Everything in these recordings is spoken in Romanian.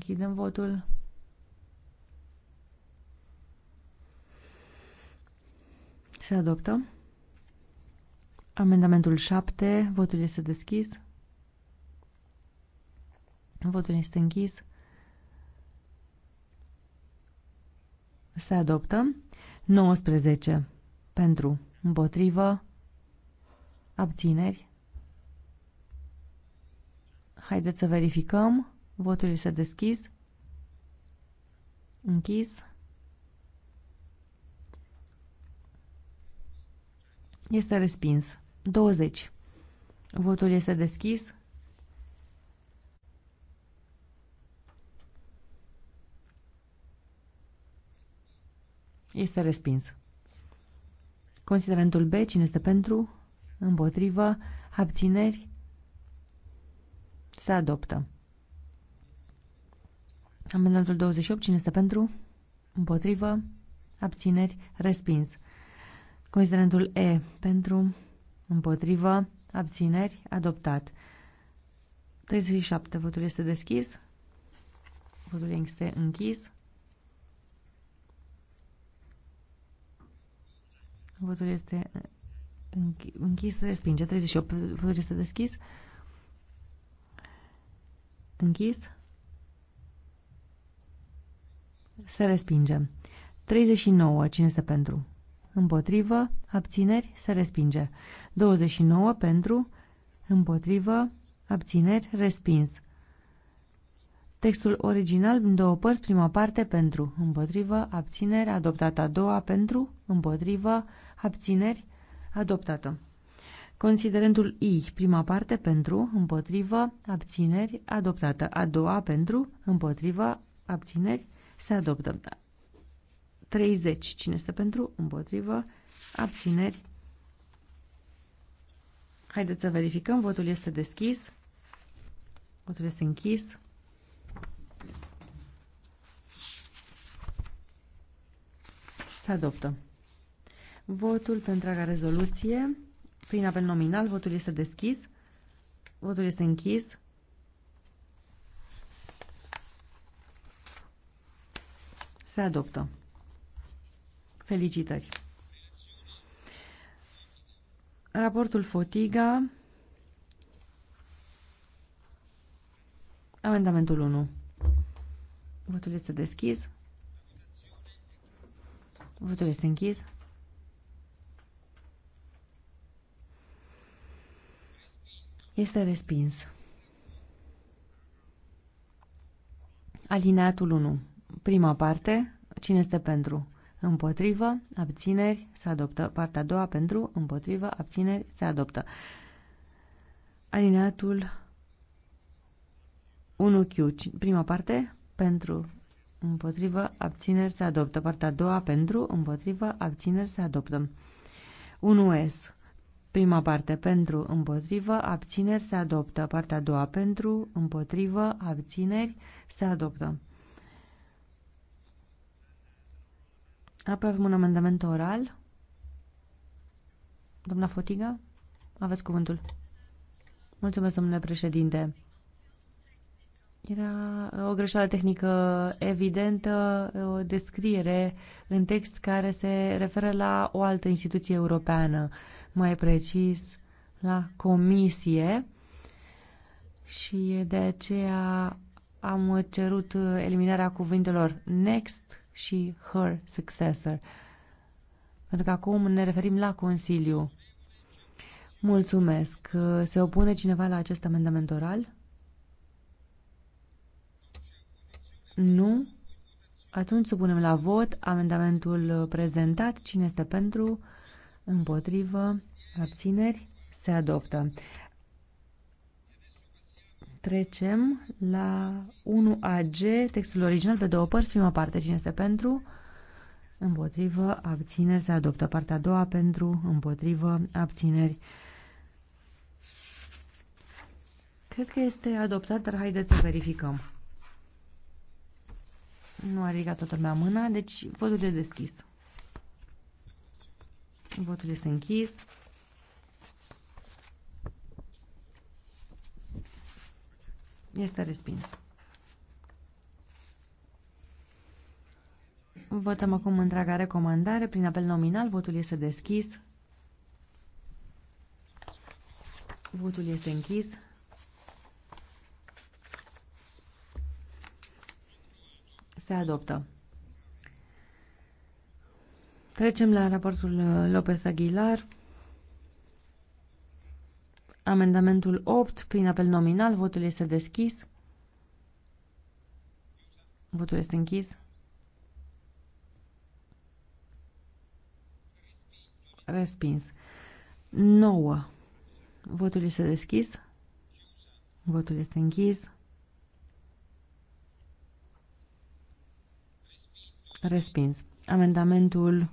Închidem votul. Se adoptă. Amendamentul 7. Votul este deschis. Votul este închis. Se adoptă. 19. Pentru. Împotrivă. Abțineri. Haideți să verificăm. Votul este deschis. Închis. Este respins. 20. Votul este deschis. Este respins. Considerentul B, cine este pentru, împotrivă, abțineri, se adoptă. Amendamentul 28. Cine este pentru? Împotrivă. Abțineri. Respins. Considerentul E. Pentru. Împotrivă. Abțineri. Adoptat. 37. Votul este deschis. Votul este închis. Votul este închis, respinge. 38. Votul este deschis. Închis. Se respinge. 39. Cine este pentru? Împotrivă. Abțineri. Se respinge. 29. Pentru. Împotrivă. Abțineri. Respins. Textul original în două părți, prima parte pentru, împotrivă, abțineri, adoptată a doua pentru, împotrivă, abțineri, adoptată. Considerentul I, prima parte pentru, împotrivă, abțineri, adoptată a doua pentru, împotrivă, abțineri, se adoptă. 30. Cine este pentru? Împotrivă. Abțineri. Haideți să verificăm. Votul este deschis. Votul este închis. Se adoptă. Votul pentru întreaga rezoluție. Prin apel nominal, votul este deschis. Votul este închis. Se adoptă. Felicitări! Raportul Fotiga, amendamentul 1. Votul este deschis. Votul este închis. Este respins. Alineatul 1. Prima parte, cine este pentru? Împotrivă, abțineri, se adoptă. Partea a doua, pentru, împotrivă, abțineri, se adoptă. Alineatul 1Q, prima parte, pentru, împotrivă, abțineri, se adoptă. Partea a doua, pentru, împotrivă, abțineri, se adoptă. 1S, Prima parte pentru, împotrivă, abțineri se adoptă. Partea a doua pentru, împotrivă, abțineri se adoptă. Apoi avem un amendament oral. Doamna Fotiga, aveți cuvântul. Mulțumesc, domnule președinte. Era o greșeală tehnică evidentă, o descriere în text care se referă la o altă instituție europeană, mai precis la comisie și de aceea am cerut eliminarea cuvintelor next și her successor. Pentru că acum ne referim la Consiliu. Mulțumesc. Se opune cineva la acest amendament oral? Nu? Atunci supunem la vot amendamentul prezentat. Cine este pentru? Împotrivă? Abțineri? Se adoptă. Trecem la 1AG, textul original pe două părți, prima parte, cine este pentru, împotrivă, abțineri, se adoptă. Partea a doua, pentru, împotrivă, abțineri. Cred că este adoptat, dar haideți să verificăm. Nu a ridicat toată lumea mâna, deci votul e deschis. Votul este închis. Este respins. Votăm acum întreaga recomandare. Prin apel nominal, votul este deschis. Votul este închis. Se adoptă. Trecem la raportul Lopez Aguilar. Amendamentul 8, prin apel nominal, votul este deschis. Votul este închis. Respins. 9. Votul este deschis. Votul este închis. Respins. Amendamentul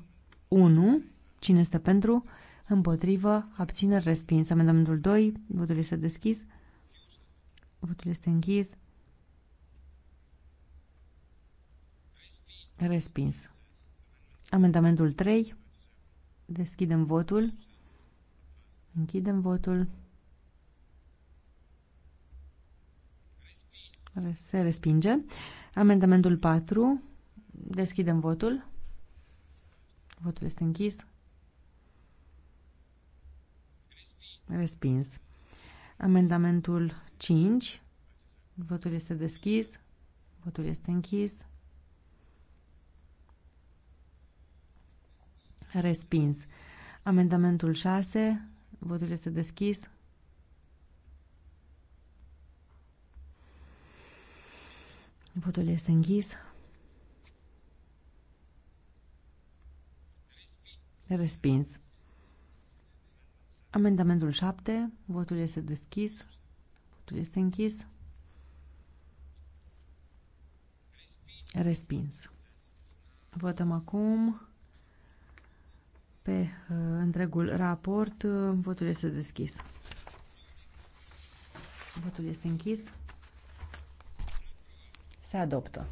1. Cine este pentru? împotrivă, abțineri, respins. Amendamentul 2, votul este deschis, votul este închis, respins. Amendamentul 3, deschidem votul, închidem votul, se respinge. Amendamentul 4, deschidem votul, votul este închis, Respins. Amendamentul 5. Votul este deschis. Votul este închis. Respins. Amendamentul 6. Votul este deschis. Votul este închis. Respins. Amendamentul 7. Votul este deschis. Votul este închis. Respins. Votăm acum pe uh, întregul raport. votul este deschis. Votul este închis. Se adoptă.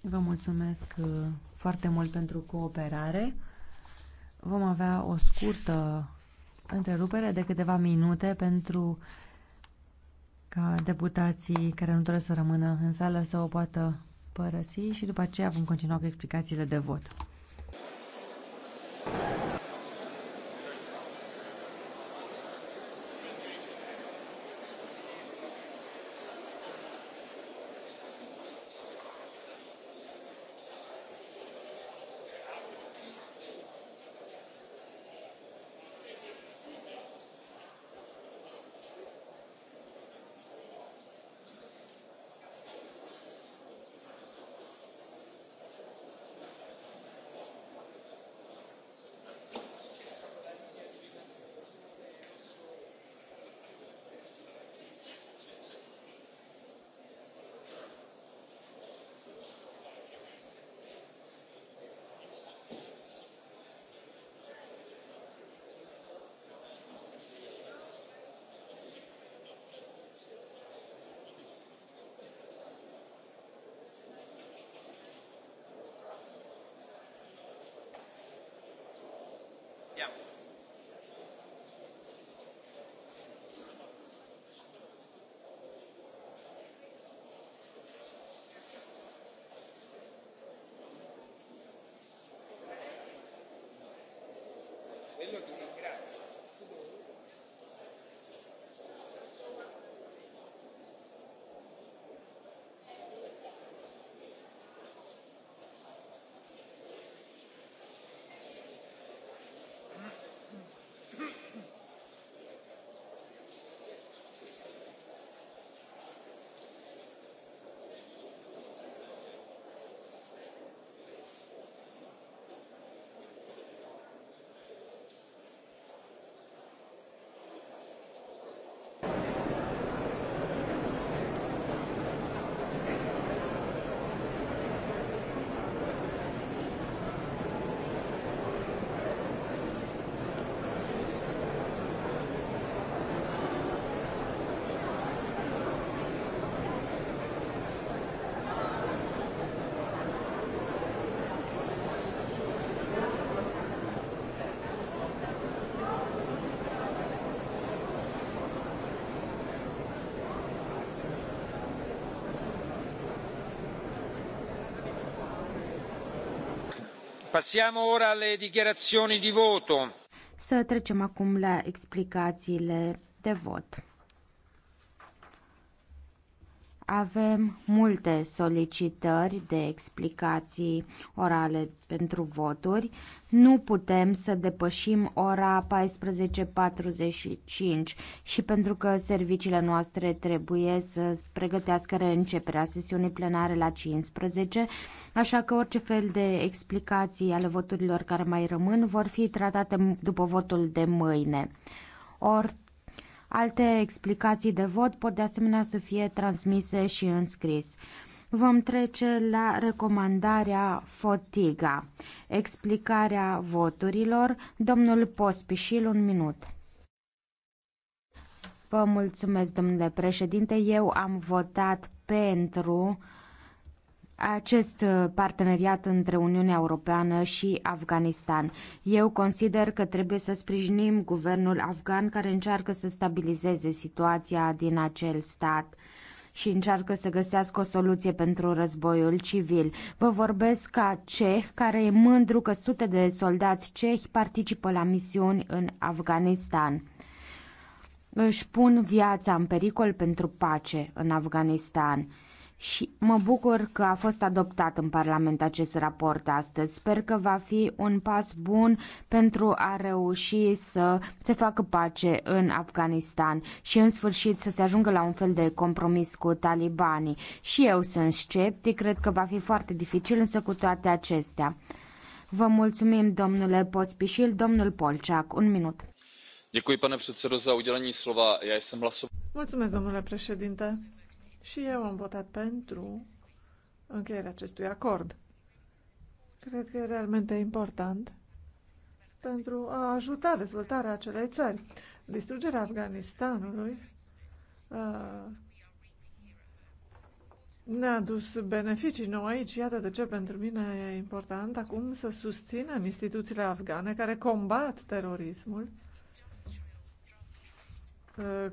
Vă mulțumesc. Uh, foarte mult pentru cooperare. Vom avea o scurtă întrerupere de câteva minute pentru ca deputații care nu doresc să rămână în sală să o poată părăsi și după aceea vom continua cu explicațiile de vot. Gracias. Passiamo ora alle dichiarazioni di voto. Să trecem acum la explicațiile de vot. Avem multe solicitări de explicații orale pentru voturi. Nu putem să depășim ora 14.45 și pentru că serviciile noastre trebuie să pregătească reînceperea sesiunii plenare la 15, așa că orice fel de explicații ale voturilor care mai rămân vor fi tratate după votul de mâine. Or, alte explicații de vot pot de asemenea să fie transmise și înscris. Vom trece la recomandarea FOTIGA, explicarea voturilor. Domnul Pospișil, un minut. Vă mulțumesc, domnule președinte. Eu am votat pentru acest parteneriat între Uniunea Europeană și Afganistan. Eu consider că trebuie să sprijinim guvernul afgan care încearcă să stabilizeze situația din acel stat și încearcă să găsească o soluție pentru războiul civil. Vă vorbesc ca ceh, care e mândru că sute de soldați cehi participă la misiuni în Afganistan. Își pun viața în pericol pentru pace în Afganistan și mă bucur că a fost adoptat în Parlament acest raport astăzi. Sper că va fi un pas bun pentru a reuși să se facă pace în Afganistan și în sfârșit să se ajungă la un fel de compromis cu talibanii. Și eu sunt sceptic, cred că va fi foarte dificil, însă cu toate acestea. Vă mulțumim, domnule Pospișil, domnul Polceac. un minut. Děkuji, pane předsedo, za udělení slova. Já jsem hlasoval. Mulțumesc, domnule președinte și eu am votat pentru încheierea acestui acord. Cred că e realmente important pentru a ajuta dezvoltarea acelei țări. Distrugerea Afganistanului ne-a dus beneficii noi aici. Iată de ce pentru mine e important acum să susținem instituțiile afgane care combat terorismul,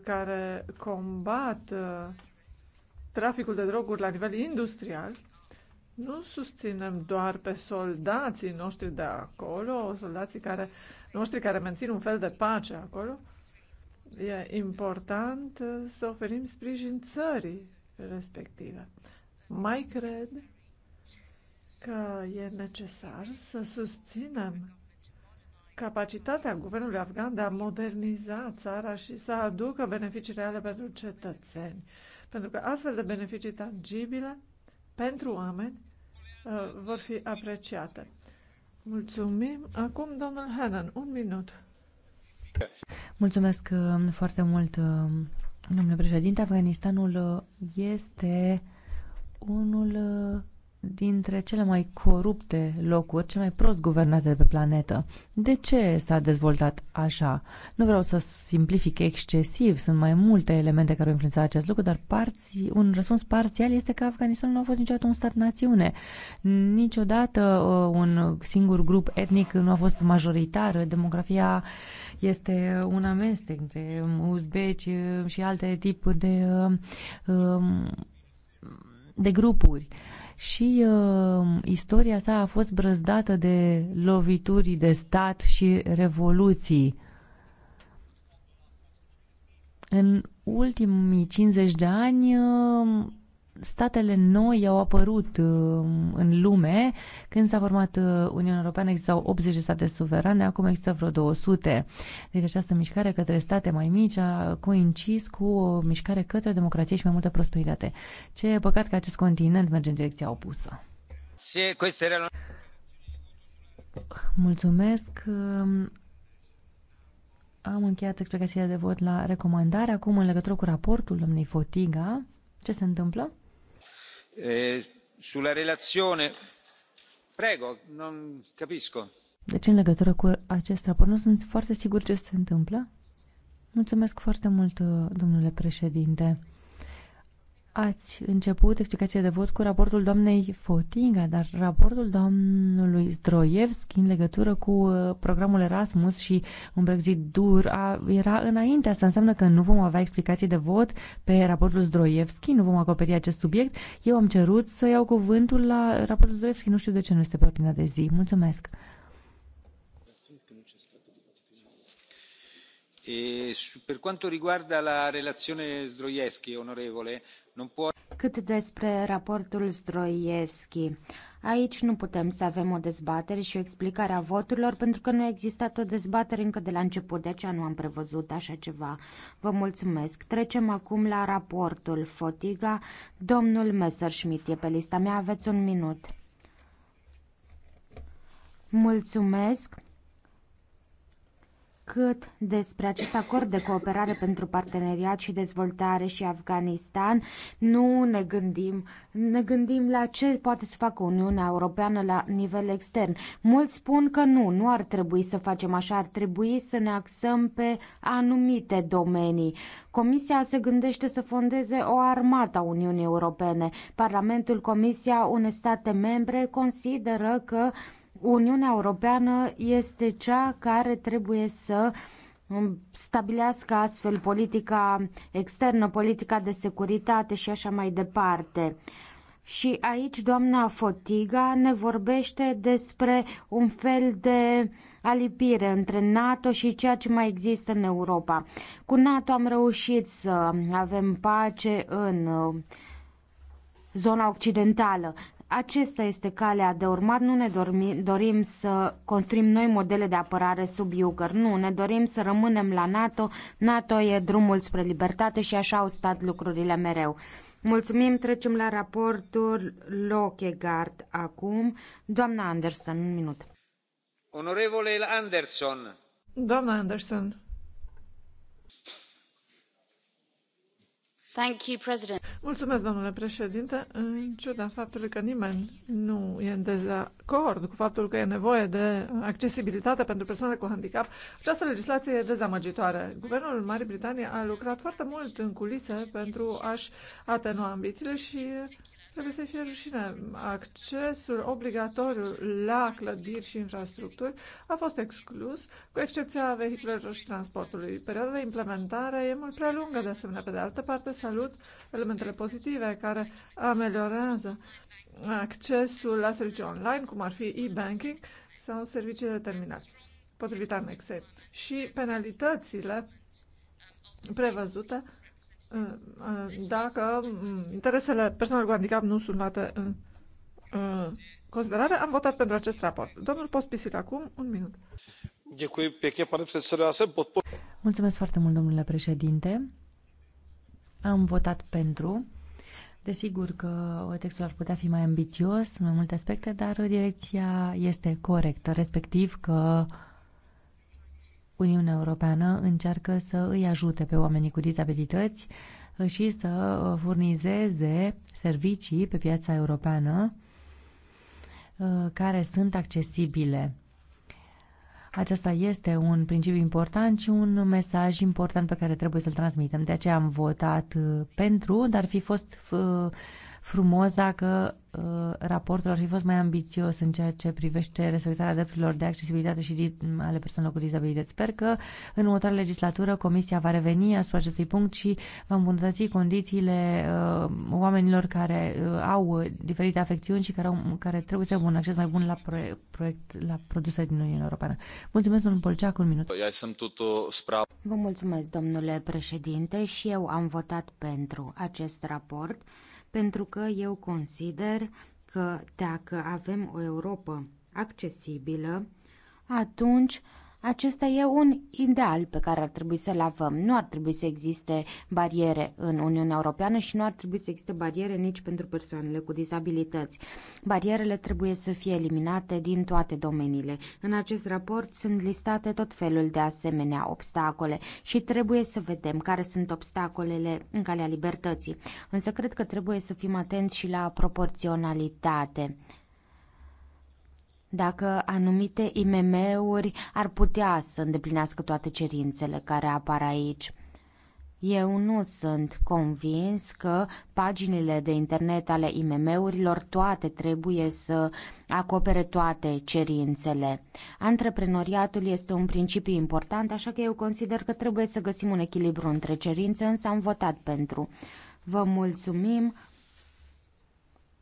care combat traficul de droguri la nivel industrial, nu susținem doar pe soldații noștri de acolo, soldații care, noștri care mențin un fel de pace acolo. E important să oferim sprijin țării respective. Mai cred că e necesar să susținem capacitatea guvernului afgan de a moderniza țara și să aducă beneficii reale pentru cetățeni pentru că astfel de beneficii tangibile pentru oameni uh, vor fi apreciate. Mulțumim. Acum, domnul Hannan, un minut. Mulțumesc uh, foarte mult, uh, domnule președinte. Afganistanul este unul dintre cele mai corupte locuri, cele mai prost guvernate de pe planetă. De ce s-a dezvoltat așa? Nu vreau să simplific excesiv, sunt mai multe elemente care au influențat acest lucru, dar parți, un răspuns parțial este că Afganistanul nu a fost niciodată un stat-națiune. Niciodată uh, un singur grup etnic nu a fost majoritar. Demografia este un amestec între um, uzbeci uh, și alte tipuri de, uh, um, de grupuri. Uh, și uh, istoria sa a fost brăzdată de lovituri de stat și revoluții. În ultimii 50 de ani, uh, statele noi au apărut uh, în lume. Când s-a format uh, Uniunea Europeană existau 80 de state suverane, acum există vreo 200. Deci această mișcare către state mai mici a coincis cu o mișcare către democrație și mai multă prosperitate. Ce e păcat că acest continent merge în direcția opusă. Mulțumesc. Am încheiat explicația de vot la recomandare. Acum, în legătură cu raportul domnei Fotiga, ce se întâmplă? Eh, sulla relazione. Prego, non capisco. Deci în legătură cu acest raport nu sunt foarte sigur ce se întâmplă. Mulțumesc foarte mult, domnule președinte. Ați început explicația de vot cu raportul doamnei Fotinga, dar raportul domnului Zdroievski în legătură cu uh, programul Erasmus și un Brexit dur a, era înainte. Asta înseamnă că nu vom avea explicații de vot pe raportul Zdroievski, nu vom acoperi acest subiect. Eu am cerut să iau cuvântul la raportul Zdroievski, nu știu de ce nu este pe ordinea de zi. Mulțumesc! Cât despre raportul Zdroievski, aici nu putem să avem o dezbatere și o explicare a voturilor pentru că nu a existat o dezbatere încă de la început, de aceea nu am prevăzut așa ceva. Vă mulțumesc. Trecem acum la raportul Fotiga. Domnul Messerschmidt e pe lista mea, aveți un minut. Mulțumesc cât despre acest acord de cooperare pentru parteneriat și dezvoltare și Afganistan, nu ne gândim. Ne gândim la ce poate să facă Uniunea Europeană la nivel extern. Mulți spun că nu, nu ar trebui să facem așa, ar trebui să ne axăm pe anumite domenii. Comisia se gândește să fondeze o armată a Uniunii Europene. Parlamentul, Comisia, unei state membre consideră că Uniunea Europeană este cea care trebuie să stabilească astfel politica externă, politica de securitate și așa mai departe. Și aici doamna Fotiga ne vorbește despre un fel de alipire între NATO și ceea ce mai există în Europa. Cu NATO am reușit să avem pace în uh, zona occidentală. Acesta este calea de urmat. Nu ne dormi, dorim să construim noi modele de apărare sub Iugăr. Nu, ne dorim să rămânem la NATO. NATO e drumul spre libertate și așa au stat lucrurile mereu. Mulțumim, trecem la raportul Lochegard acum. Doamna Anderson, un minut. Onorevole Anderson. Doamna Anderson, Mulțumesc, domnule președinte. În ciuda faptului că nimeni nu e în dezacord cu faptul că e nevoie de accesibilitate pentru persoane cu handicap, această legislație e dezamăgitoare. Guvernul Marii Britanii a lucrat foarte mult în culise pentru a-și atenua ambițiile și Trebuie să fie rușine. Accesul obligatoriu la clădiri și infrastructuri a fost exclus, cu excepția vehiculelor și transportului. Perioada de implementare e mult prea lungă, de asemenea. Pe de altă parte, salut elementele pozitive care ameliorează accesul la servicii online, cum ar fi e-banking sau servicii de terminal, potrivit anexei. Și penalitățile prevăzute dacă mm, interesele persoanelor cu handicap nu sunt luate în considerare, am votat pentru acest raport. Domnul Pospisil, acum un minut. Mulțumesc foarte mult, domnule președinte. Am votat pentru. Desigur că textul ar putea fi mai ambițios în mai multe aspecte, dar direcția este corectă, respectiv că uh, Uniunea Europeană încearcă să îi ajute pe oamenii cu dizabilități uh, și să uh, furnizeze servicii pe piața europeană uh, care sunt accesibile. Acesta este un principiu important și un mesaj important pe care trebuie să-l transmitem. De aceea am votat pentru, dar fi fost frumos dacă uh, raportul ar fi fost mai ambițios în ceea ce privește respectarea drepturilor de accesibilitate și ale persoanelor cu dizabilități. Sper că în următoarea legislatură Comisia va reveni asupra acestui punct și va îmbunătăți condițiile uh, oamenilor care uh, au diferite afecțiuni și care, au, care trebuie să aibă un acces mai bun la proiect, proiect la produse din Uniunea Europeană. Mulțumesc, domnul Polceac, un minut. Vă mulțumesc, domnule președinte, și eu am votat pentru acest raport pentru că eu consider că dacă avem o Europa accesibilă, atunci acesta e un ideal pe care ar trebui să-l avem. Nu ar trebui să existe bariere în Uniunea Europeană și nu ar trebui să existe bariere nici pentru persoanele cu dizabilități. Barierele trebuie să fie eliminate din toate domeniile. În acest raport sunt listate tot felul de asemenea obstacole și trebuie să vedem care sunt obstacolele în calea libertății. Însă cred că trebuie să fim atenți și la proporționalitate dacă anumite IMM-uri ar putea să îndeplinească toate cerințele care apar aici. Eu nu sunt convins că paginile de internet ale IMM-urilor toate trebuie să acopere toate cerințele. Antreprenoriatul este un principiu important, așa că eu consider că trebuie să găsim un echilibru între cerințe, însă am votat pentru. Vă mulțumim,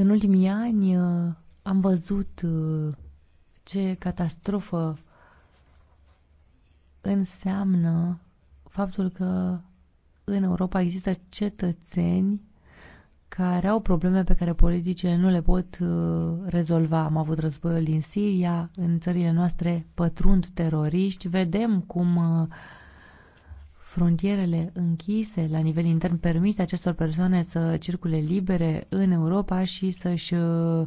În ultimii ani uh, am văzut uh, ce catastrofă înseamnă faptul că în Europa există cetățeni care au probleme pe care politicile nu le pot uh, rezolva. Am avut războiul din Siria, în țările noastre pătrund teroriști, vedem cum Frontierele închise la nivel intern permit acestor persoane să circule libere în Europa și să-și uh,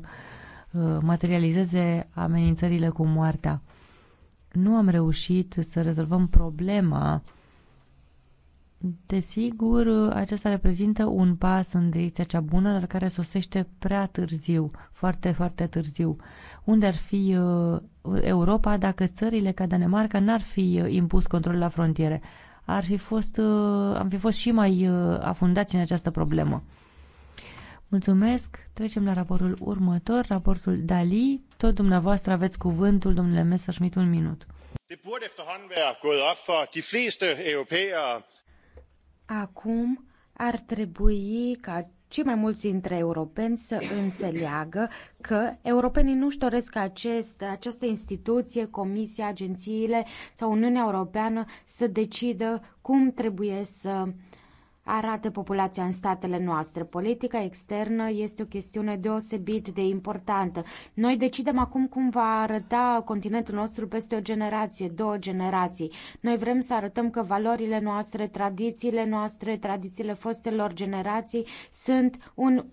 uh, materializeze amenințările cu moartea. Nu am reușit să rezolvăm problema. Desigur, acesta reprezintă un pas în direcția cea bună, dar care sosește prea târziu, foarte, foarte târziu. Unde ar fi uh, Europa dacă țările ca Danemarca n-ar fi impus control la frontiere? ar fi fost, uh, am fi fost și mai uh, afundați în această problemă. Mulțumesc. Trecem la raportul următor, raportul Dali. Tot dumneavoastră aveți cuvântul, domnule Messerschmidt, un minut. Acum ar trebui ca cei mai mulți dintre europeni să înțeleagă că europenii nu-și doresc acest, această instituție, comisia, agențiile sau Uniunea Europeană să decidă cum trebuie să uh, arată populația în statele noastre. Politica externă este o chestiune deosebit de importantă. Noi decidem acum cum va arăta continentul nostru peste o generație, două generații. Noi vrem să arătăm că valorile noastre, tradițiile noastre, tradițiile fostelor generații sunt un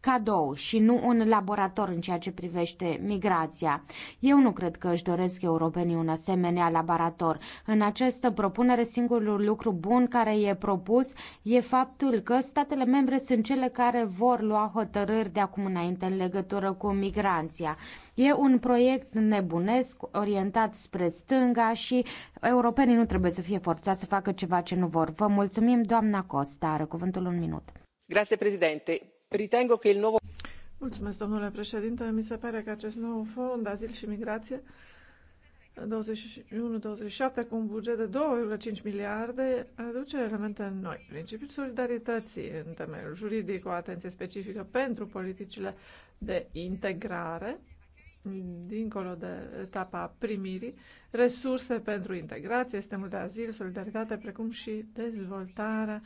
cadou și nu un laborator în ceea ce privește migrația. Eu nu cred că își doresc europenii un asemenea laborator. În această propunere, singurul lucru bun care e propus e faptul că statele membre sunt cele care vor lua hotărâri de acum înainte în legătură cu migranția. E un proiect nebunesc, orientat spre stânga și europenii nu trebuie să fie forțați să facă ceva ce nu vor. Vă mulțumim, doamna Costa. Are cuvântul un minut. Grazie, președinte Ritengo il nuovo... Mulțumesc, domnule președinte. Mi se pare că acest nou fond, azil și migrație, 21-27 cu un buget de 2,5 miliarde aduce elemente noi. Principiul solidarității în temeiul juridic, o atenție specifică pentru politicile de integrare, dincolo de etapa primirii, resurse pentru integrație, sistemul de azil, solidaritate, precum și dezvoltarea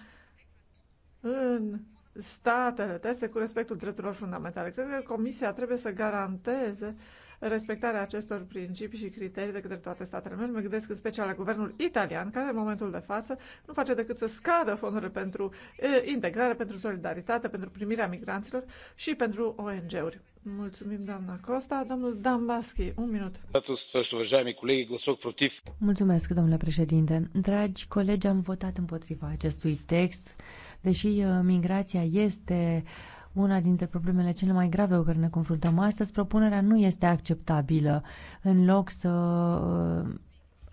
în statele terțe cu respectul drepturilor fundamentale. Cred că Comisia trebuie să garanteze respectarea acestor principii și criterii de către toate statele membre. Mă gândesc în special la guvernul italian, care în momentul de față nu face decât să scadă fondurile pentru integrare, pentru solidaritate, pentru primirea migranților și pentru ONG-uri. Mulțumim, doamna Costa. Domnul Dan Baschi, un minut. Mulțumesc, domnule președinte. Dragi colegi, am votat împotriva acestui text Deși uh, migrația este una dintre problemele cele mai grave cu care ne confruntăm astăzi, propunerea nu este acceptabilă. În loc să uh,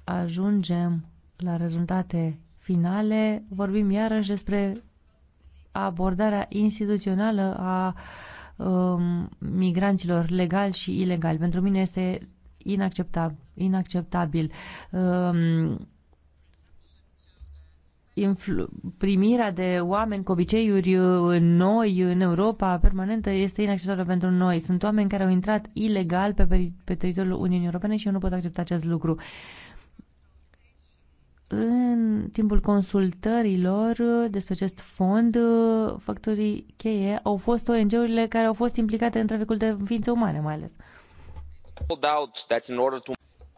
ajungem la rezultate finale, vorbim iarăși despre abordarea instituțională a um, migranților legal și ilegal. Pentru mine este inacceptabil. inacceptabil. Um, primirea de oameni cu obiceiuri uh, noi în Europa permanentă este inacceptabilă pentru noi. Sunt oameni care au intrat ilegal pe, pe teritoriul Uniunii Europene și eu nu pot accepta acest lucru. În timpul consultărilor uh, despre acest fond, uh, factorii cheie au fost ONG-urile care au fost implicate în traficul de ființe umane, mai ales.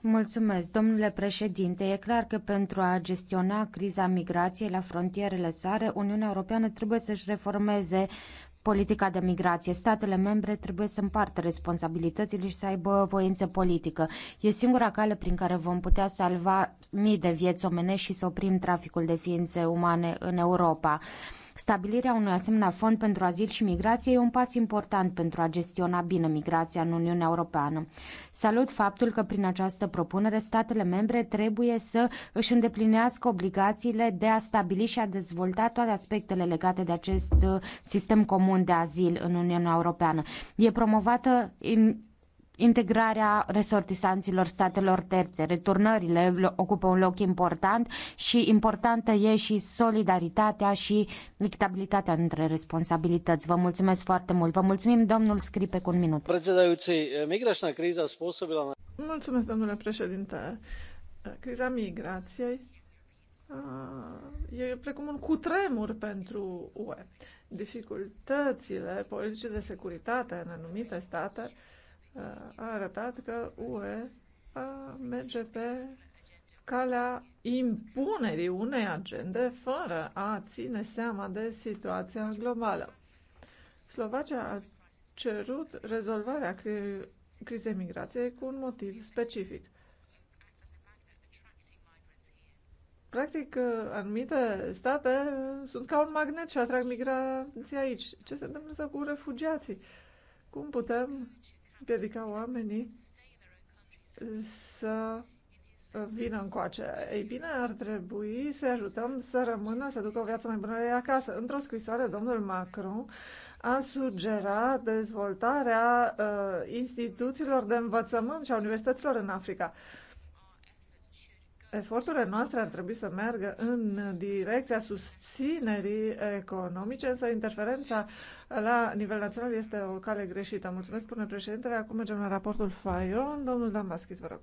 Mulțumesc, domnule președinte. E clar că pentru a gestiona criza migrației la frontierele sare, Uniunea Europeană trebuie să-și reformeze politica de migrație. Statele membre trebuie să împartă responsabilitățile și să aibă voință politică. E singura cale prin care vom putea salva mii de vieți omenești și să oprim traficul de ființe umane în Europa. Stabilirea unui asemenea fond pentru azil și migrație e un pas important pentru a gestiona bine migrația în Uniunea Europeană. Salut faptul că prin această propunere statele membre trebuie să își îndeplinească obligațiile de a stabili și a dezvolta toate aspectele legate de acest uh, sistem comun de azil în Uniunea Europeană. E promovată integrarea resortisanților statelor terțe. Returnările ocupă un loc important și importantă e și solidaritatea și echitabilitatea între responsabilități. Vă mulțumesc foarte mult. Vă mulțumim, domnul Scripe, cu un minut. Mulțumesc, domnule președinte. Criza migrației e precum un cutremur pentru UE. Dificultățile politice de securitate în anumite state a arătat că UE a merge pe calea impunerii unei agende fără a ține seama de situația globală. Slovacia a cerut rezolvarea cri- crizei migrației cu un motiv specific. Practic, anumite state sunt ca un magnet și atrag migrații aici. Ce se întâmplă cu refugiații? Cum putem împiedica oamenii să vină încoace. Ei bine, ar trebui să ajutăm să rămână, să ducă o viață mai bună ei acasă. Într-o scrisoare, domnul Macron a sugerat dezvoltarea uh, instituțiilor de învățământ și a universităților în Africa. Uh, Eforturile noastre ar trebui să meargă în direcția susținerii economice, însă interferența la nivel național este o cale greșită. Mulțumesc, spune președintele. Acum mergem la raportul Fayon. Domnul Dambaschis, vă rog.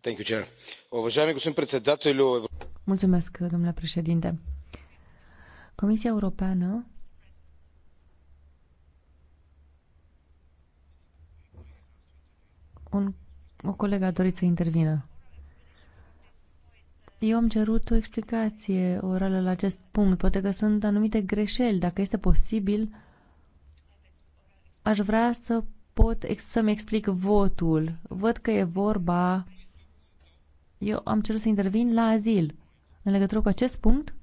Thank you, Chair. cu господин председателю... Mulțumesc, domnule președinte. Comisia Europeană un, o colegă a dorit să intervină. Eu am cerut o explicație orală la acest punct. Poate că sunt anumite greșeli. Dacă este posibil, aș vrea să pot să-mi explic votul. Văd că e vorba... Eu am cerut să intervin la azil. În legătură cu acest punct?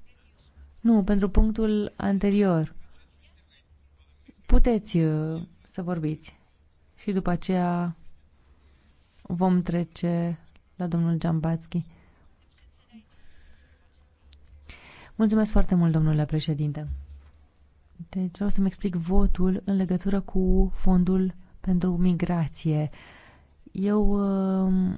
Nu, pentru punctul anterior. Puteți uh, să vorbiți. Și după aceea vom trece la domnul Giambatski. Mulțumesc foarte mult, domnule președinte. Deci vreau să-mi explic votul în legătură cu fondul pentru migrație. Eu um,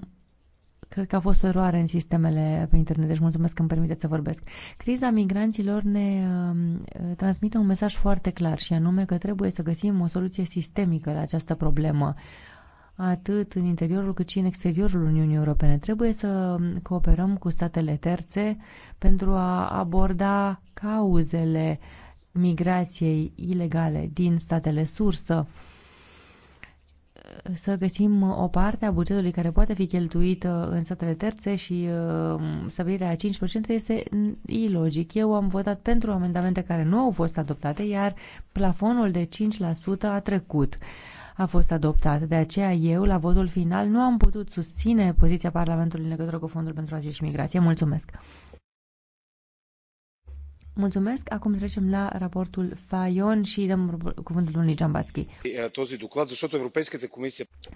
cred că a fost o eroare în sistemele pe internet, deci mulțumesc că îmi permiteți să vorbesc. Criza migranților ne um, transmite un mesaj foarte clar și anume că trebuie să găsim o soluție sistemică la această problemă atât în interiorul cât și în exteriorul Uniunii Europene. Trebuie să cooperăm cu statele terțe pentru a aborda cauzele migrației ilegale din statele sursă, să găsim o parte a bugetului care poate fi cheltuită în statele terțe și uh, stabilirea a 5% este ilogic. Eu am votat pentru amendamente care nu au fost adoptate, iar plafonul de 5% a trecut. Uh, a fost adoptat. De aceea eu, la votul final, nu am putut susține poziția Parlamentului în legătură cu Fondul pentru Azil și Migrație. Mulțumesc! Mulțumesc. Acum trecem la raportul Fayon și dăm cuvântul lui Jambatski.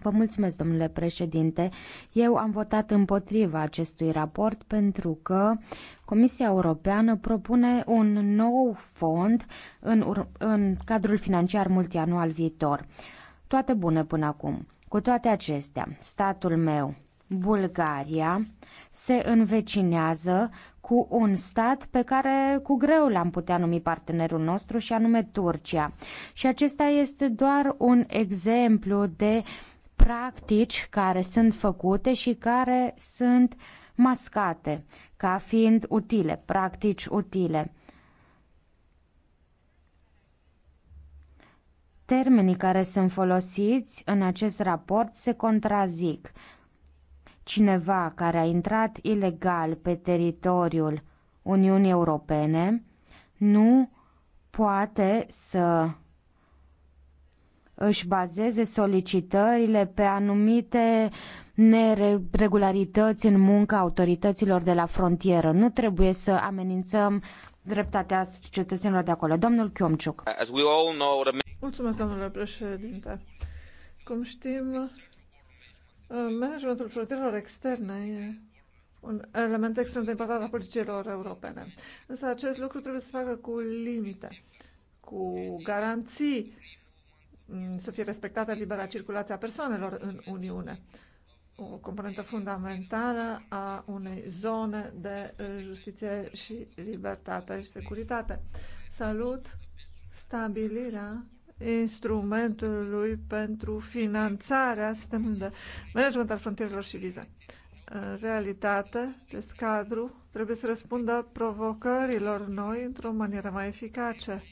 Vă mulțumesc, domnule președinte. Eu am votat împotriva acestui raport pentru că Comisia Europeană propune un nou fond în, în cadrul financiar multianual viitor. Toate bune până acum. Cu toate acestea, statul meu, Bulgaria, se învecinează cu un stat pe care cu greu l-am putea numi partenerul nostru și anume Turcia. Și acesta este doar un exemplu de practici care sunt făcute și care sunt mascate ca fiind utile, practici utile. Termenii care sunt folosiți în acest raport se contrazic. Cineva care a intrat ilegal pe teritoriul Uniunii Europene nu poate să își bazeze solicitările pe anumite neregularități în munca autorităților de la frontieră. Nu trebuie să amenințăm dreptatea cetățenilor de acolo. Domnul Chiomciuc. Mulțumesc, domnule președinte. Cum știm, managementul frontierelor externe e un element extrem de important al politicilor europene. Însă acest lucru trebuie să se facă cu limite, cu garanții să fie respectată libera circulație a persoanelor în Uniune o componentă fundamentală a unei zone de justiție și libertate și securitate. Salut stabilirea instrumentului pentru finanțarea sistemului de management al frontierelor și vize. În realitate, acest cadru trebuie să răspundă provocărilor noi într-o manieră mai eficace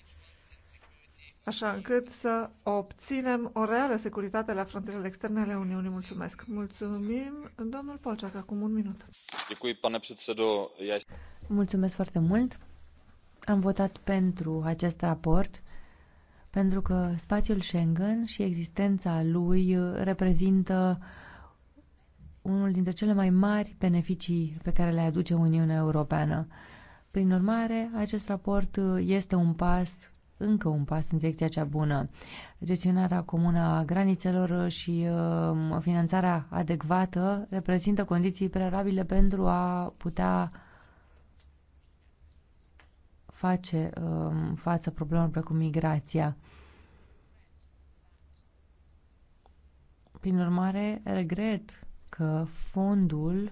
așa încât să obținem o reală securitate la frontierele externe ale Uniunii. Mulțumesc! Mulțumim, domnul Polceac, acum un minut. Mulțumesc foarte mult! Am votat pentru acest raport pentru că spațiul Schengen și existența lui reprezintă unul dintre cele mai mari beneficii pe care le aduce Uniunea Europeană. Prin urmare, acest raport este un pas încă un pas în direcția cea bună. Gestionarea comună a granițelor și um, finanțarea adecvată reprezintă condiții prealabile pentru a putea face um, față problemelor precum migrația. Prin urmare, regret că fondul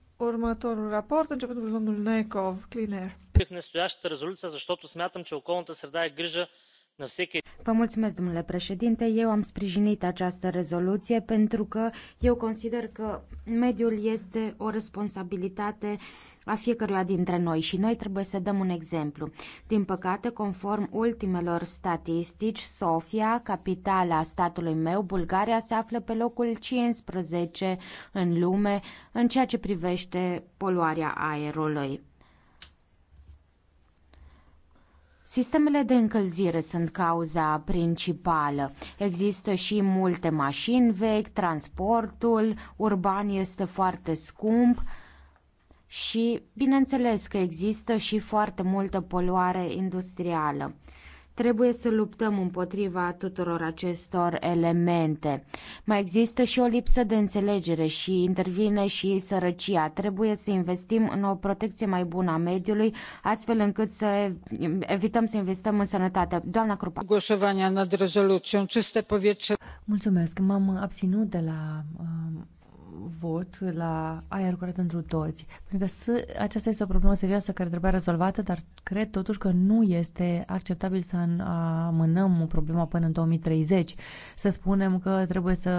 Următorul raport, începând cu domnul Nekov, Clean Air. Pentru naстоящата резолюция, că смятам, че околната среда е грижа Vă mulțumesc, domnule președinte. Eu am sprijinit această rezoluție pentru că eu consider că mediul este o responsabilitate a fiecăruia dintre noi și noi trebuie să dăm un exemplu. Din păcate, conform ultimelor statistici, Sofia, capitala statului meu, Bulgaria, se află pe locul 15 în lume în ceea ce privește poluarea aerului. Sistemele de încălzire sunt cauza principală. Există și multe mașini vechi, transportul urban este foarte scump și, bineînțeles, că există și foarte multă poluare industrială. Trebuie să luptăm împotriva tuturor acestor elemente. Mai există și o lipsă de înțelegere și intervine și sărăcia. Trebuie să investim în o protecție mai bună a mediului, astfel încât să evităm să investăm în sănătate. Doamna Crupa. Głosowania nad rezolucją czyste powietrze. Mulțumesc. M-am abținut de la um, vot la aer curat pentru toți. Pentru că aceasta este o problemă serioasă care trebuie rezolvată, dar cred totuși că nu este acceptabil să amânăm problemă până în 2030. Să spunem că trebuie să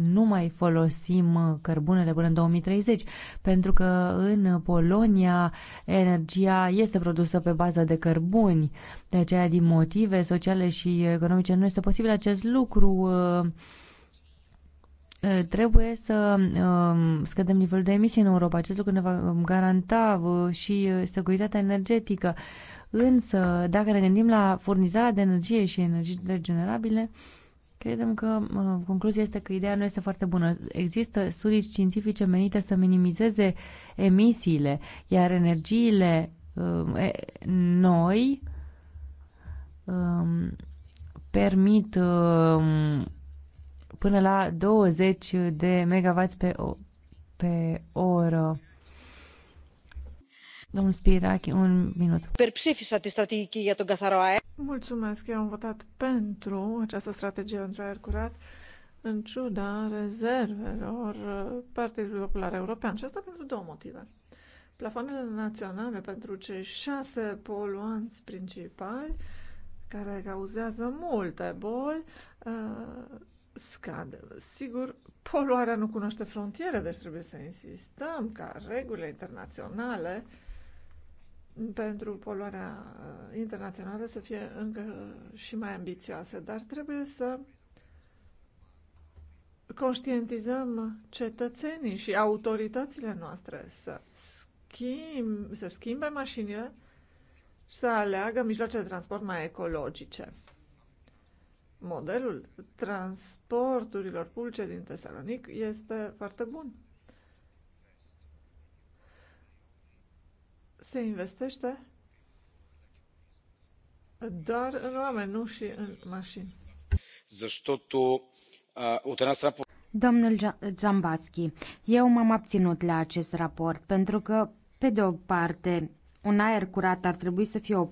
nu mai folosim cărbunele până în 2030, pentru că în Polonia energia este produsă pe bază de cărbuni. De aceea, din motive sociale și economice, nu este posibil acest lucru. Uh, Eh, trebuie să ehm, scădem nivelul de emisii în Europa. Acest lucru ne va ehm, garanta și eh, securitatea energetică. Însă, dacă ne gândim la furnizarea de energie și energii regenerabile, Credem că ehm, concluzia este că ideea nu este foarte bună. Există studii științifice menite să minimizeze emisiile, iar energiile noi permit până la 20 de MW pe, pe oră. Domnul Spirachi, un minut. Per de strategie για τον καθαρό Mulțumesc, eu am votat pentru această strategie pentru aer curat în ciuda rezervelor Partidului Popular European. Și asta pentru două motive. Plafonele naționale pentru cei șase poluanți principali care cauzează multe boli scandal. Sigur, poluarea nu cunoaște frontiere, deci trebuie să insistăm ca regulile internaționale pentru poluarea uh, internațională să fie încă și mai ambițioase, dar trebuie să conștientizăm cetățenii și autoritățile noastre să, schimb, să schimbe mașinile și să aleagă mijloace de transport mai ecologice modelul transporturilor publice din Tesalonic este foarte bun. Se investește doar în oameni, nu și în mașini. Защото от една Domnul Zambatski, eu m-am abținut la acest raport pentru că, pe de o parte, un aer curat ar trebui să fie o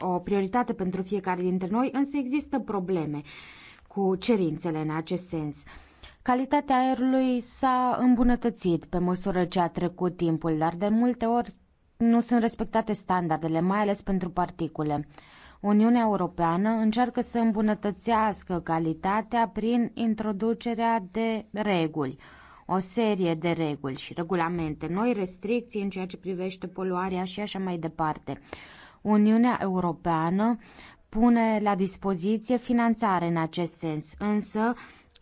o prioritate pentru fiecare dintre noi, însă există probleme cu cerințele în acest sens. Calitatea aerului s-a îmbunătățit pe măsură ce a trecut timpul, dar de multe ori nu sunt respectate standardele, mai ales pentru particule. Uniunea Europeană încearcă să îmbunătățească calitatea prin introducerea de reguli, o serie de reguli și regulamente, noi restricții în ceea ce privește poluarea și așa mai departe. Uniunea Europeană pune la dispoziție finanțare în acest sens, însă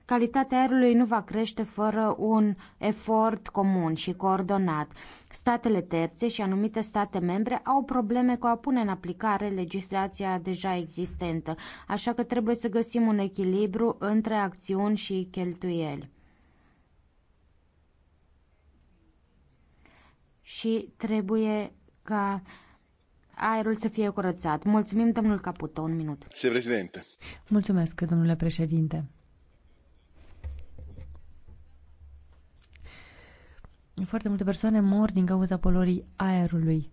calitatea aerului nu va crește fără un efort comun și coordonat. Statele terțe și anumite state membre au probleme cu a pune în aplicare legislația deja existentă, așa că trebuie să găsim un echilibru între acțiuni și cheltuieli. Și trebuie ca uh, aerul să fie curățat. Mulțumim, domnul Caputo, un minut. Se președinte. Mulțumesc, domnule președinte. Foarte multe persoane mor din cauza polorii aerului.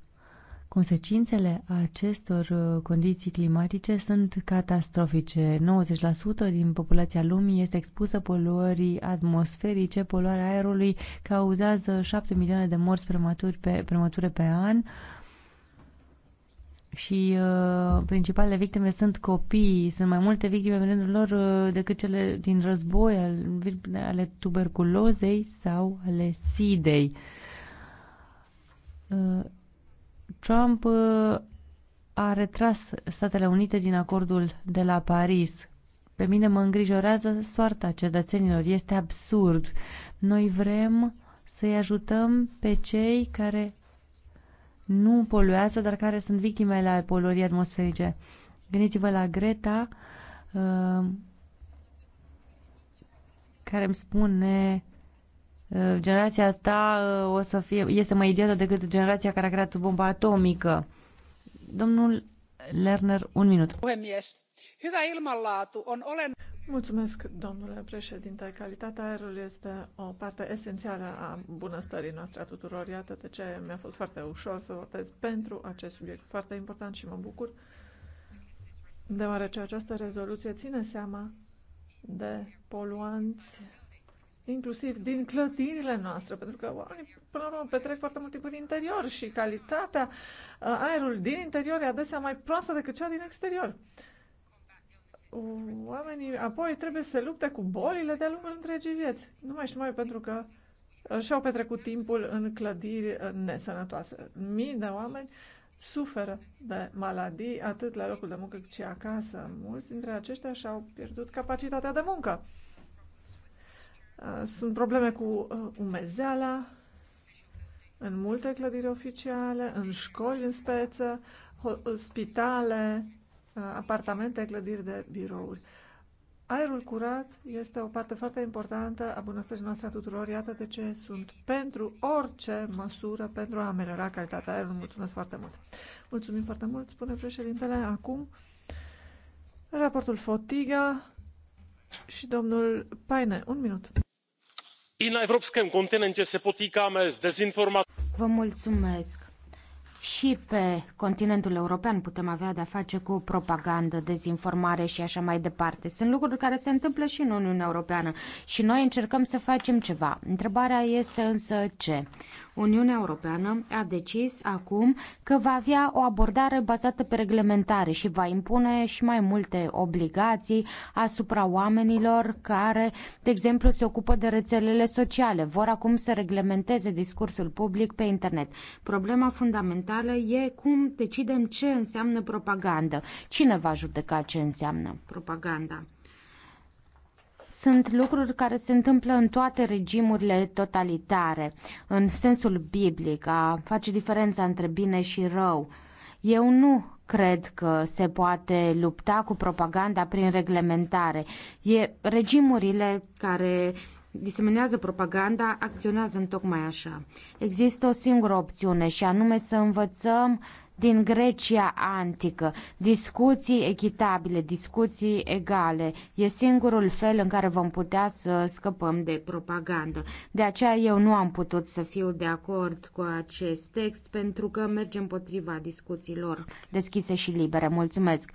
Consecințele acestor uh, condiții climatice sunt catastrofice. 90% din populația lumii este expusă poluării atmosferice. Poluarea aerului cauzează 7 milioane de morți premature pe, premature pe an. Uh, și uh, principalele victime sunt copiii. Sunt mai multe victime în rândul lor uh, decât cele din război, ale, ale tuberculozei sau ale sidei. Uh, Trump uh, a retras Statele Unite din acordul de la Paris. Pe mine mă îngrijorează soarta cetățenilor. Este absurd. Noi vrem să-i ajutăm pe cei care nu poluează, dar care sunt victimele ale poluării atmosferice. Gândiți-vă la Greta, uh, care îmi spune uh, generația ta uh, o să fie, este mai idiotă decât generația care a creat bomba atomică. Domnul Lerner, un minut. Puhemies, hyvä ilmanlaatu on olen... Mulțumesc, domnule președinte. Calitatea aerului este o parte esențială a bunăstării noastre a tuturor. Iată de ce mi-a fost foarte ușor să votez pentru acest subiect foarte important și mă bucur, deoarece această rezoluție ține seama de poluanți inclusiv din clădirile noastre, pentru că oamenii, până la urmă, petrec foarte mult timp în interior și calitatea uh, aerului din interior e adesea mai proastă decât cea din exterior. Uh, oamenii apoi trebuie să se lupte cu bolile de-a lungul întregii vieți. Numai și numai pentru că uh, și-au petrecut timpul în clădiri uh, nesănătoase. Mii de oameni suferă de maladii atât la locul de muncă cât și acasă. Mulți dintre aceștia și-au pierdut capacitatea de muncă. Uh, sunt probleme cu umezeala, în multe clădiri oficiale, în școli în speță, spitale, Uh, apartamente, clădiri de birouri. Aerul curat este o parte foarte importantă a bunăstării noastre a tuturor. Iată de ce sunt pentru orice măsură pentru a ameliora calitatea aerului. Mulțumesc foarte mult. Mulțumim foarte mult, spune președintele. Acum, raportul Fotiga și domnul Paine. Un minut. I na evropskem se potýkáme s dezinformacemi. Vă mulțumesc și pe continentul european putem avea de-a face cu propagandă, dezinformare și așa mai departe. Sunt lucruri care se întâmplă și în Uniunea Europeană și noi încercăm să facem ceva. Întrebarea este însă ce? Uniunea Europeană a decis acum că va avea o abordare bazată pe reglementare și va impune și mai multe obligații asupra oamenilor care, de exemplu, se ocupă de rețelele sociale. Vor acum să reglementeze discursul public pe internet. Problema fundamentală e cum decidem ce înseamnă propagandă. Cine va judeca ce înseamnă propaganda? Sunt lucruri care se întâmplă în toate regimurile totalitare, în sensul biblic, a face diferența între bine și rău. Eu nu cred că se poate lupta cu propaganda prin reglementare. E regimurile care diseminează propaganda acționează în tocmai așa. Există o singură opțiune și anume să învățăm uh, din Grecia antică. Discuții echitabile, discuții egale. E singurul fel în care vom putea să scăpăm de propagandă. De aceea eu nu am putut să fiu de acord cu acest text pentru că merge împotriva discuțiilor deschise și libere. Mulțumesc!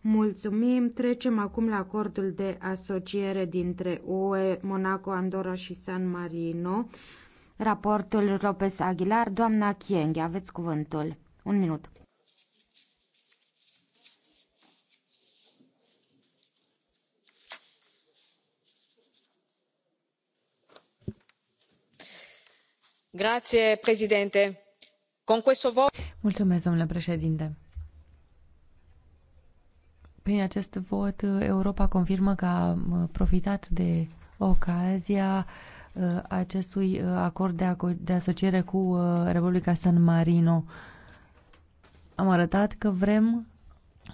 Mulțumim. Trecem acum la acordul de asociere dintre UE, Monaco, Andorra și San Marino. Raportul Lopez Aguilar, doamna Chienghe, aveți cuvântul. Un minut. Grazie, Con questo voto... Mulțumesc, domnule președinte. Prin acest vot, Europa confirmă că a profitat de ocazia acestui acord de, asociere cu Republica San Marino am arătat că vrem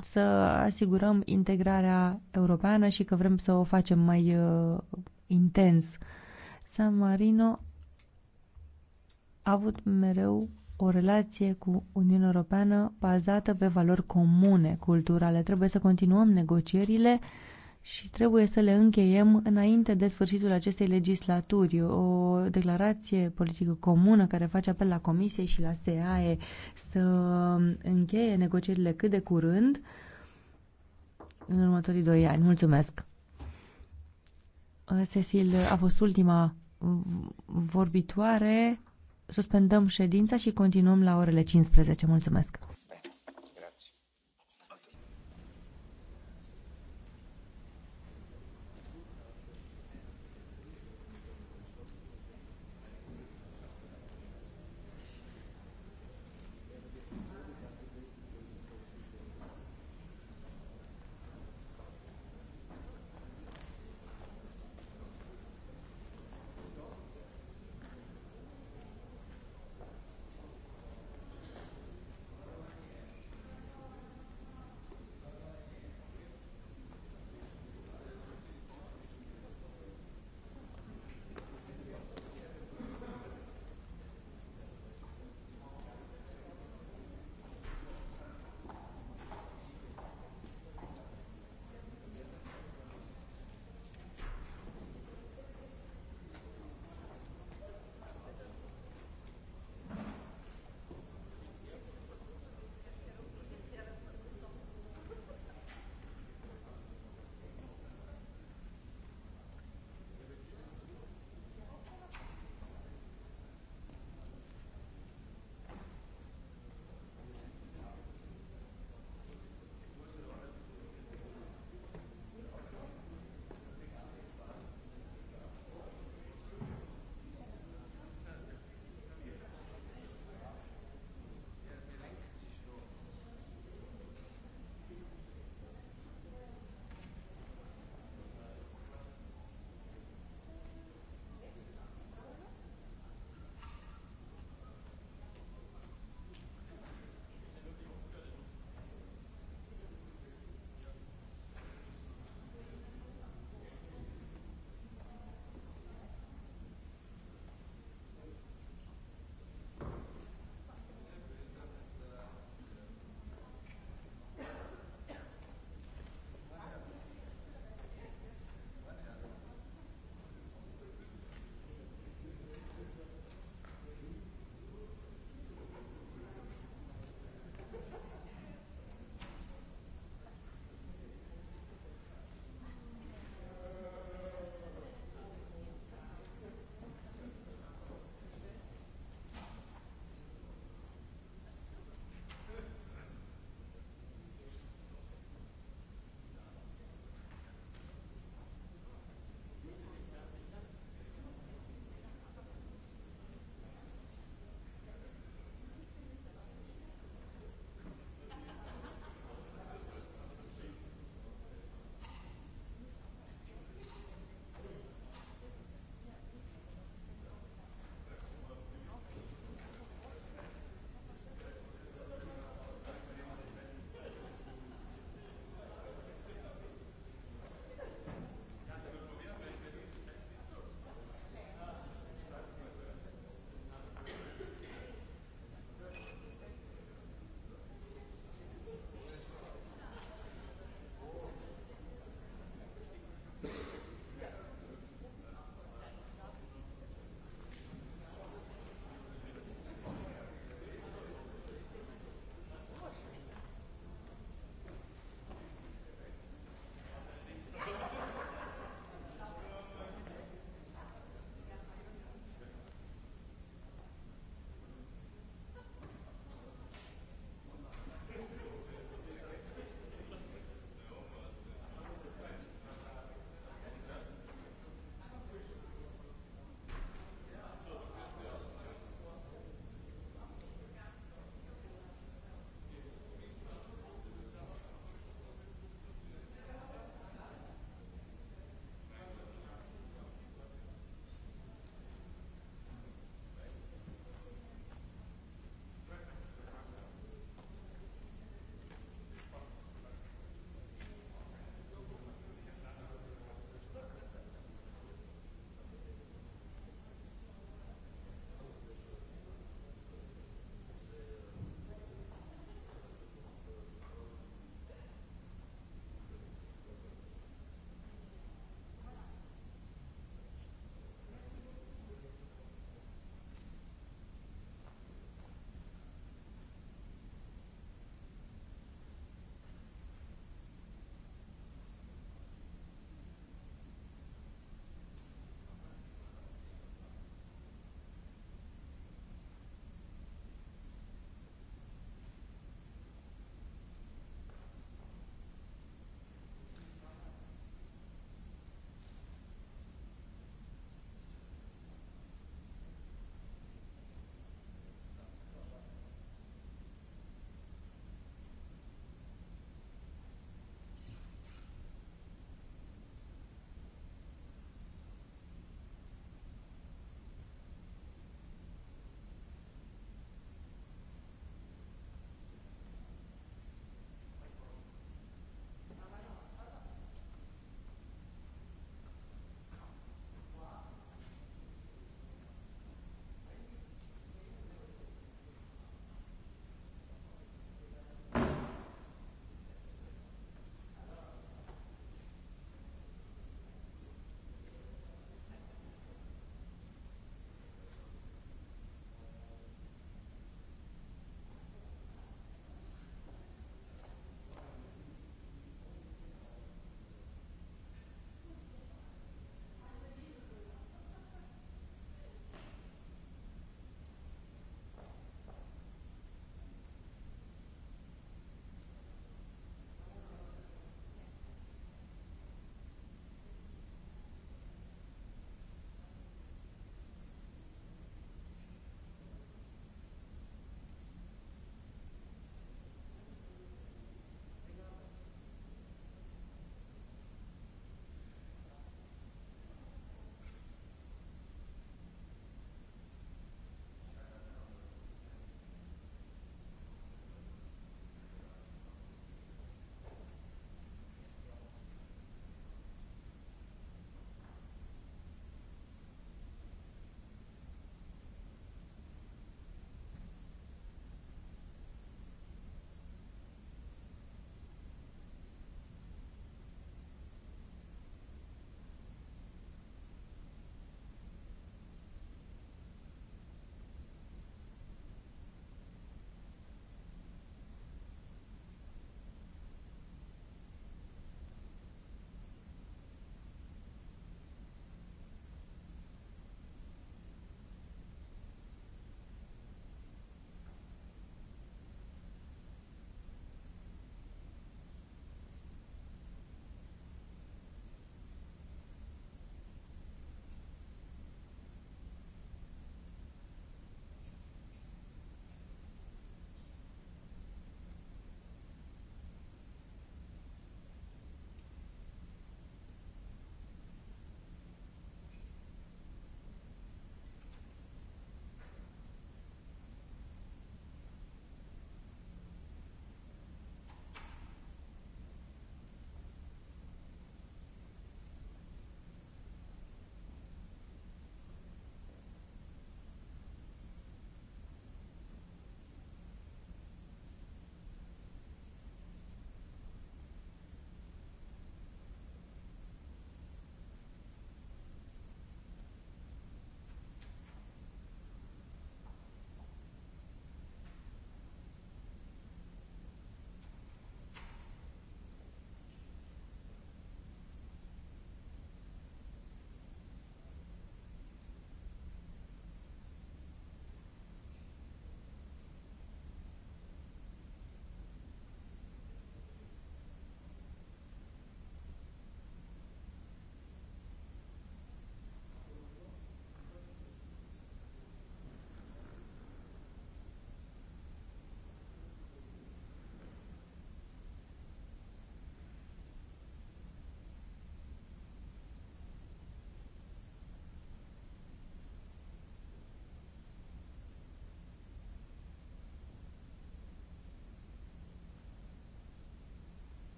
să asigurăm integrarea europeană și că vrem să o facem mai uh, intens. San Marino a avut mereu o relație cu Uniunea Europeană bazată pe valori comune, culturale. Trebuie să continuăm negocierile uh, și trebuie să le încheiem înainte de sfârșitul acestei legislaturi. O declarație politică comună care face apel la Comisie și la SEAE să încheie negocierile cât de curând în următorii doi ani. Mulțumesc! Uh, Cecil, a fost ultima vorbitoare. Suspendăm ședința și continuăm la orele 15. Mulțumesc!